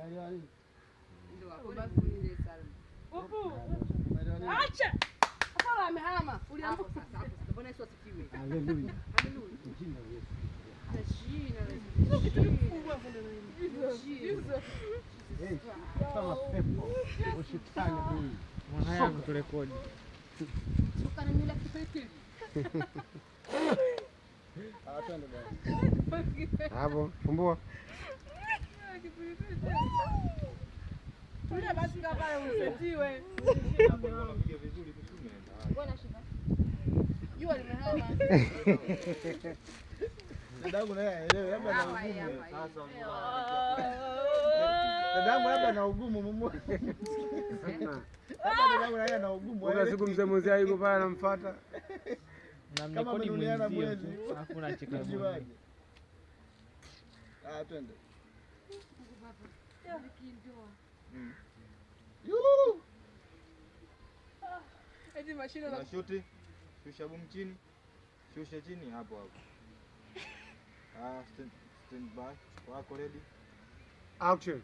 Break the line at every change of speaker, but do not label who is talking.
Melhor
Upu. Acha. Afala amehama.
Uliamka sasa. Bwana Yesu asifiwe.
Haleluya.
Haleluya. Jina la Yesu.
Na jina la Yesu. Sio kitu kikubwa vile. Jesus.
Kama pepo. Ushetani huyu.
Mwana yangu turekodi.
Suka na mila kipekee.
Hapo, fumbua.
Dadangu
naye labda na ugumu. Dadangu labda na ugumu Kuna siku mzee mzee yuko pale anamfuata.
Na mnikodi mwenzio. Alafu unacheka mwenyewe.
Ah, twende.
Kindoa. Hmm.
mashine
na shuti, shusha boom chini, shusha chini hapo hapo. Ah, stand, stand by. Wako ready. Action.